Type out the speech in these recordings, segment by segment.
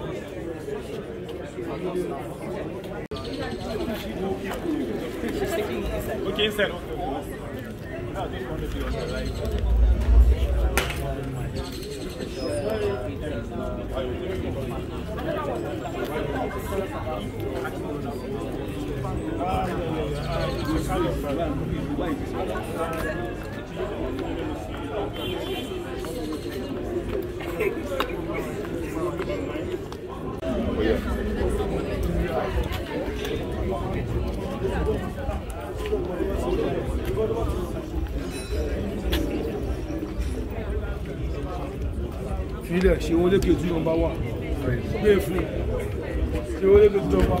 Look inside. Thank you. filẹ̀ ṣe wọlé kejì nọ́mbà wà gbé fún ṣe wọlé kejì nọ́mbà wà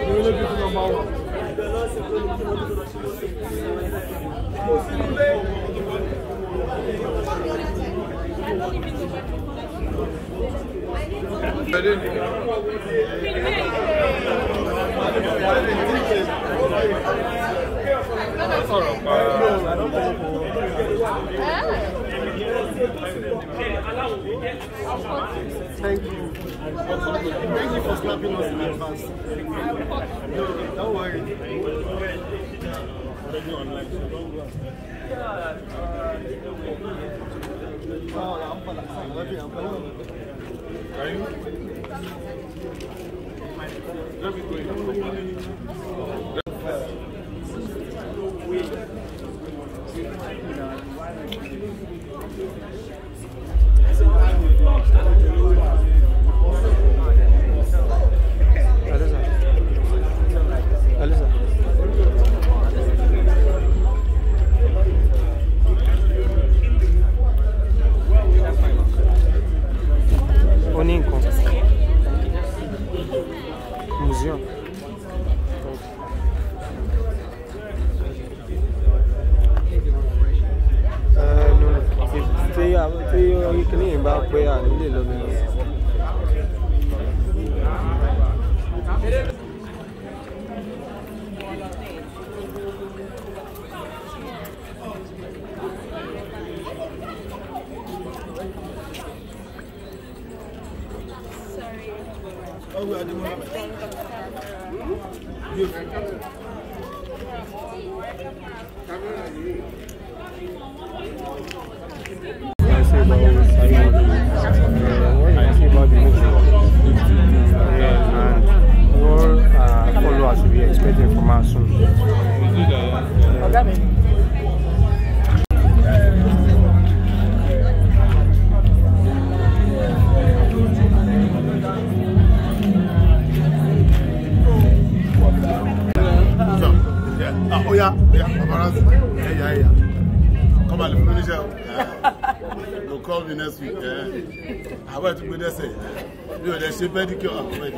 ṣe wọlé kejì nọ́mbà wà. Thank you. Thank you. Thank you for slapping us in advance. No, don't worry. اه يا عم لا غبي يا عم ايوه غبي كويس Brasil. tí kíní yìí bá pé à nílé lómi Thank ừ. you. ó ah, oh yá oh paparazzi ẹ̀yà ẹ̀yà kọ́mà lè fún oníṣẹ́ o call me next week àwọn ẹ̀ tún gbé dẹ́sẹ̀ mi ò lè ṣe pedicure àwọn ẹ̀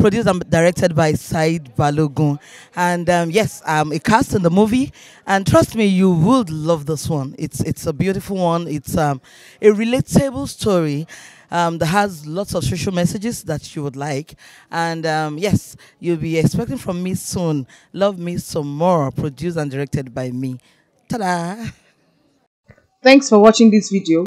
produced and directed by Said Balogun. And um, yes, am um, a cast in the movie. And trust me, you would love this one. It's it's a beautiful one. It's um, a relatable story. Um, that has lots of social messages that you would like. And um, yes, you'll be expecting from me soon. Love Me Some More, produced and directed by me. Ta-da! Thanks for watching this video.